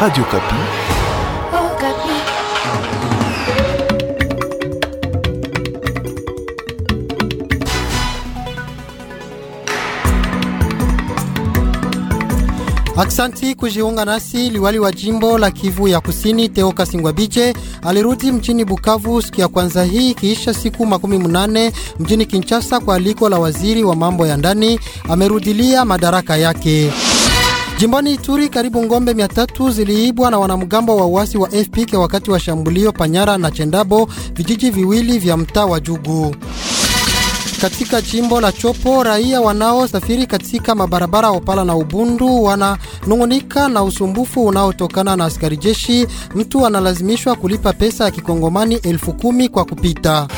Radio Kapi. Oh, Kapi. Aksanti kujiunga nasi. Liwali wa jimbo la Kivu ya Kusini Teo Kasingwabije alirudi mjini Bukavu siku ya kwanza hii kiisha siku makumi munane mjini Kinshasa kwa aliko la waziri wa mambo ya ndani. Amerudilia madaraka yake. Jimboni Ituri karibu ngombe mia tatu ziliibwa na wanamgambo wa uasi wa FPK wakati wa shambulio Panyara na Chendabo, vijiji viwili vya mtaa wa Jugu. Katika jimbo la Chopo, raia wanaosafiri katika mabarabara Opala na Ubundu wananungunika na usumbufu unaotokana na askari jeshi. Mtu analazimishwa kulipa pesa ya kikongomani elfu kumi kwa kupita.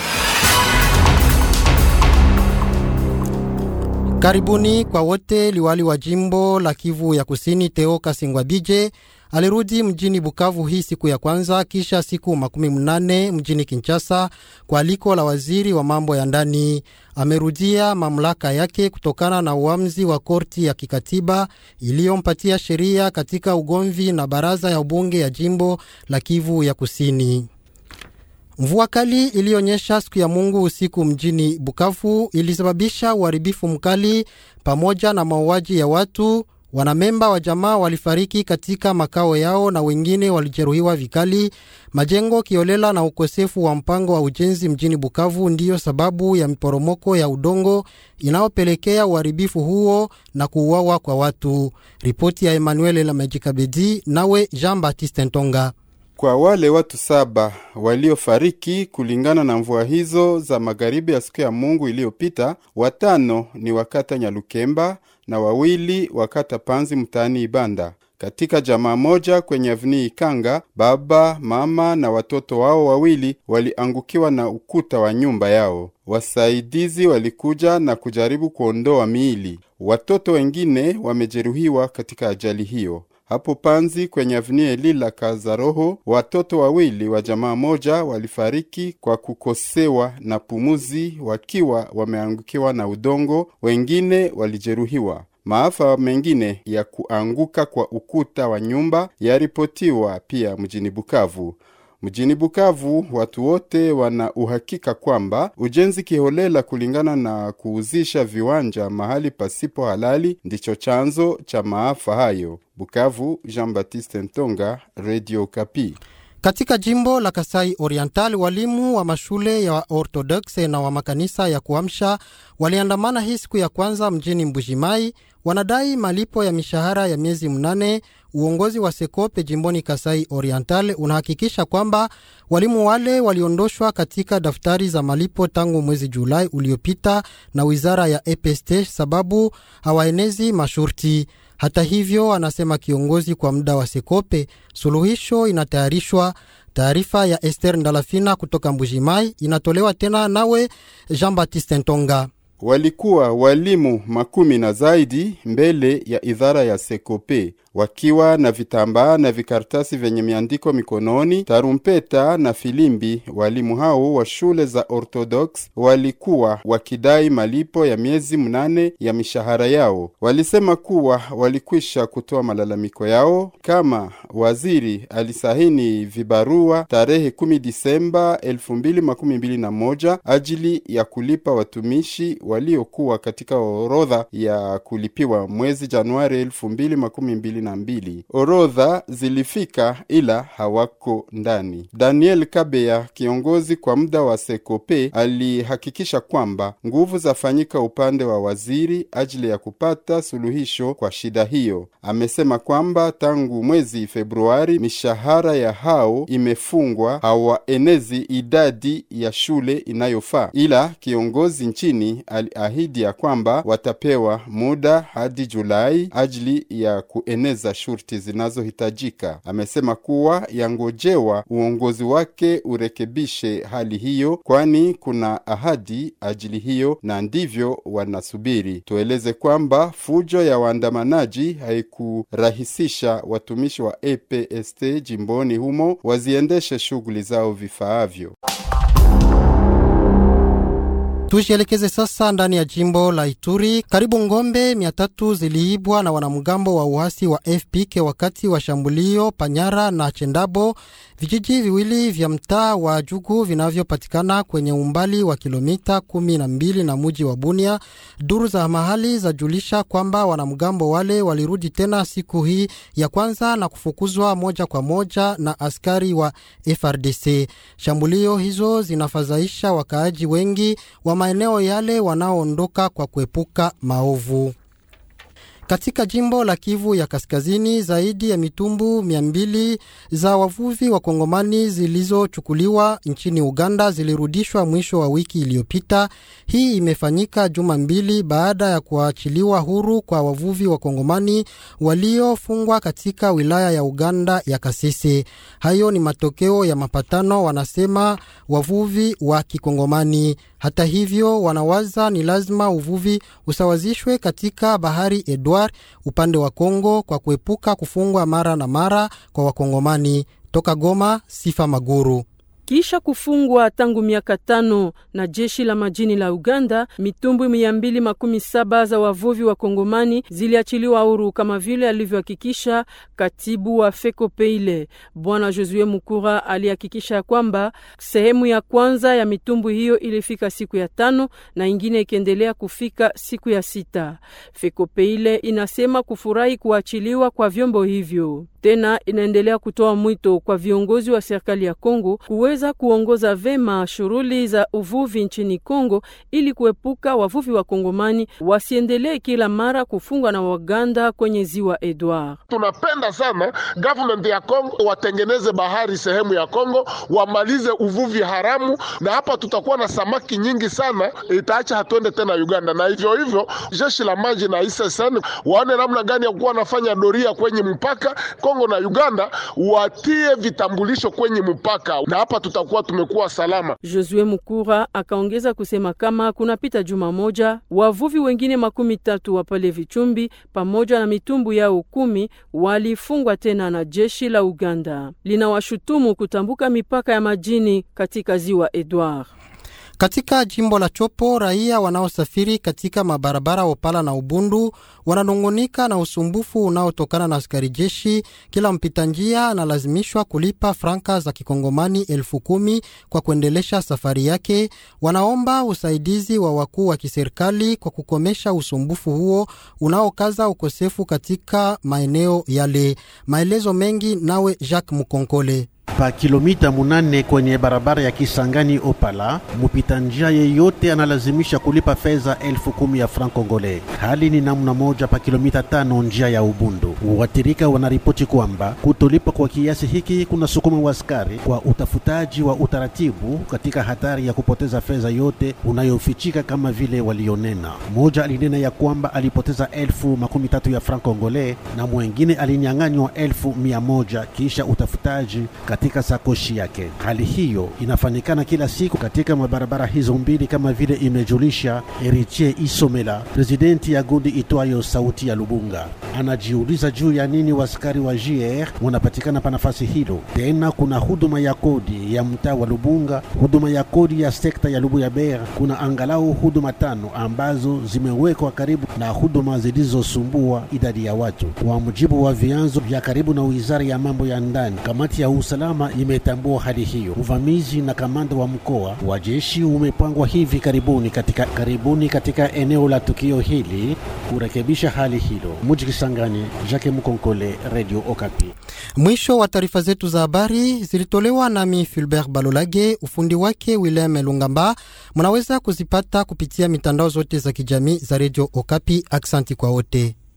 Karibuni kwa wote. Liwali wa jimbo la Kivu ya Kusini Teo Kasingwabije alirudi mjini Bukavu hii siku ya kwanza kisha siku makumi mnane mjini Kinshasa kwa aliko la waziri wa mambo ya ndani. Amerudia mamlaka yake kutokana na uamuzi wa korti ya kikatiba iliyompatia sheria katika ugomvi na baraza ya ubunge ya jimbo la Kivu ya Kusini. Mvua kali iliyonyesha siku ya Mungu usiku mjini Bukavu ilisababisha uharibifu mkali pamoja na mauaji ya watu. Wanamemba wa jamaa walifariki katika makao yao na wengine walijeruhiwa vikali. Majengo kiolela na ukosefu wa mpango wa ujenzi mjini Bukavu ndiyo sababu ya miporomoko ya udongo inayopelekea uharibifu huo na kuuawa kwa watu. Ripoti ya Emmanuel Lamejikabedi nawe Jean Baptiste Ntonga kwa wale watu saba waliofariki kulingana na mvua hizo za magharibi ya siku ya Mungu iliyopita, watano ni wakata Nyalukemba na wawili wakata Panzi mtaani Ibanda katika jamaa moja kwenye avni Ikanga, baba mama na watoto wao wawili waliangukiwa na ukuta wa nyumba yao. Wasaidizi walikuja na kujaribu kuondoa miili. Watoto wengine wamejeruhiwa katika ajali hiyo. Hapo Panzi kwenye avenue Lila Kazaroho, watoto wawili wa jamaa moja walifariki kwa kukosewa na pumuzi wakiwa wameangukiwa na udongo, wengine walijeruhiwa. Maafa mengine ya kuanguka kwa ukuta wa nyumba yaripotiwa pia mjini Bukavu. Mjini Bukavu watu wote wana uhakika kwamba ujenzi kiholela kulingana na kuuzisha viwanja mahali pasipo halali ndicho chanzo cha maafa hayo. Bukavu, Jean-Baptiste Ntonga, Radio Kapi. Katika jimbo la Kasai Oriental, walimu wa mashule ya Orthodoxe na wa makanisa ya kuamsha waliandamana hii siku ya kwanza mjini Mbujimai wanadai malipo ya mishahara ya miezi mnane. Uongozi wa Sekope jimboni Kasai Oriental unahakikisha kwamba walimu wale waliondoshwa katika daftari za malipo tangu mwezi Julai uliopita na wizara ya EPST sababu hawaenezi masharti. Hata hivyo, anasema kiongozi kwa muda wa Sekope, suluhisho inatayarishwa. Taarifa ya Esther Ndalafina kutoka Mbujimai inatolewa tena nawe Jean Baptiste Ntonga walikuwa walimu makumi na zaidi mbele ya idhara ya Sekope wakiwa na vitambaa na vikaratasi vyenye miandiko mikononi, tarumpeta na filimbi. Walimu hao wa shule za Orthodox walikuwa wakidai malipo ya miezi mnane ya mishahara yao. Walisema kuwa walikwisha kutoa malalamiko yao kama waziri alisahini vibarua tarehe 10 Disemba 2021 ajili ya kulipa watumishi waliokuwa katika orodha ya kulipiwa mwezi Januari elfu mbili makumi mbili na mbili. Orodha zilifika ila hawako ndani. Daniel Kabeya, kiongozi kwa muda wa Sekope, alihakikisha kwamba nguvu zafanyika upande wa waziri ajili ya kupata suluhisho kwa shida hiyo. Amesema kwamba tangu mwezi Februari mishahara ya hao imefungwa, hawaenezi idadi ya shule inayofaa, ila kiongozi nchini aliahidi ya kwamba watapewa muda hadi Julai ajili ya kueneza shurti zinazohitajika. Amesema kuwa yangojewa uongozi wake urekebishe hali hiyo, kwani kuna ahadi ajili hiyo na ndivyo wanasubiri. Tueleze kwamba fujo ya waandamanaji haikurahisisha watumishi wa EPST jimboni humo waziendeshe shughuli zao vifaavyo. Tujielekeze sasa ndani ya jimbo la Ituri. Karibu ngombe mia tatu ziliibwa na wanamgambo wa uasi wa FPK wakati wa shambulio Panyara na Chendabo, vijiji viwili vya mtaa wa Jugu vinavyopatikana kwenye umbali wa kilomita kumi na mbili na muji wa Bunia. Duru za mahali zajulisha kwamba wanamgambo wale walirudi tena siku hii ya kwanza na kufukuzwa moja kwa moja na askari wa FRDC. Shambulio hizo zinafadhaisha wakaaji wengi wa maeneo yale wanaoondoka kwa kuepuka maovu. Katika jimbo la Kivu ya Kaskazini, zaidi ya mitumbu mia mbili za wavuvi wa Kongomani zilizochukuliwa nchini Uganda zilirudishwa mwisho wa wiki iliyopita. Hii imefanyika juma mbili baada ya kuachiliwa huru kwa wavuvi wa Kongomani waliofungwa katika wilaya ya Uganda ya Kasese. Hayo ni matokeo ya mapatano, wanasema wavuvi wa Kikongomani. Hata hivyo, wanawaza ni lazima uvuvi usawazishwe katika bahari Edward upande wa Kongo kwa kuepuka kufungwa mara na mara kwa Wakongomani. Toka Goma, Sifa Maguru kisha kufungwa tangu miaka tano na jeshi la majini la Uganda. Mitumbwi mia mbili makumi saba za wavuvi wa Kongomani ziliachiliwa huru kama vile alivyohakikisha katibu wa Fekopeile Bwana Josue Mukura. Alihakikisha kwamba sehemu ya kwanza ya mitumbwi hiyo ilifika siku ya tano na ingine ikiendelea kufika siku ya sita. Fekopeile inasema kufurahi kuachiliwa kwa vyombo hivyo. Tena inaendelea kutoa mwito kwa viongozi wa serikali ya Kongo kuweza kuongoza vema shughuli za uvuvi nchini Kongo ili kuepuka wavuvi wa Kongomani wasiendelee kila mara kufungwa na Waganda kwenye ziwa Edward. Tunapenda sana government ya Kongo watengeneze bahari sehemu ya Kongo, wamalize uvuvi haramu, na hapa tutakuwa na samaki nyingi sana, itaacha hatuende tena Uganda. Na hivyo hivyo jeshi la maji na ISSN waone namna gani ya kuwa wanafanya doria kwenye mpaka Kongo na Uganda watie vitambulisho kwenye mpaka, na hapa tutakuwa tumekuwa salama. Josue Mukura akaongeza kusema kama kunapita juma moja wavuvi wengine makumi tatu wa pale Vichumbi pamoja na mitumbu yao kumi walifungwa tena na jeshi la Uganda linawashutumu kutambuka mipaka ya majini katika ziwa Edward. Katika jimbo la Chopo, raia wanaosafiri katika mabarabara Opala na Ubundu wananungunika na usumbufu unaotokana na askari jeshi. Kila mpita njia analazimishwa kulipa franka za kikongomani elfu kumi kwa kuendelesha safari yake. Wanaomba usaidizi wa wakuu wa kiserikali kwa kukomesha usumbufu huo unaokaza ukosefu katika maeneo yale. Maelezo mengi nawe Jacques Mukonkole pa kilomita munane kwenye barabara ya Kisangani Opala, mupita njia yeyote analazimisha kulipa fedha elfu kumi ya franc Kongole. Hali ni namna moja pa kilomita tano njia ya Ubundu watirika wanaripoti kwamba kutolipa kwa kiasi hiki kuna wa askari kwa utafutaji wa utaratibu katika hatari ya kupoteza fedha yote unayofichika kama vile walionena. Mmoja alinena ya kwamba alipoteza elfu makumi tatu ya franc congolais na mwengine alinyang'anywa elfu mia moja kisha utafutaji katika sakoshi yake. Hali hiyo inafanikana kila siku katika mabarabara hizo mbili kama vile imejulisha Eritier Isomela, presidenti ya gundi itwayo Sauti ya Lubunga. Anajiuliza kuuliza juu ya nini waskari wa JR wanapatikana pa nafasi hilo. Tena kuna huduma ya kodi ya mtaa wa Lubunga, huduma ya kodi ya sekta ya lubu ya Lubuyabera. Kuna angalau huduma tano ambazo zimewekwa karibu na huduma zilizosumbua idadi ya watu. Kwa mujibu wa vyanzo vya karibu na wizara ya mambo ya ndani, kamati ya usalama imetambua hali hiyo. Uvamizi na kamanda wa mkoa wa jeshi umepangwa hivi karibuni katika, karibuni katika eneo la tukio hili kurekebisha hali hilo. Muji Kisangani, Jacques Mkonkole, Radio Okapi. Mwisho wa taarifa zetu za habari zilitolewa nami Fulbert Balolage, ufundi wake William Lungamba. Mnaweza kuzipata kupitia mitandao zote za kijamii za Radio Okapi. Aksanti kwa wote.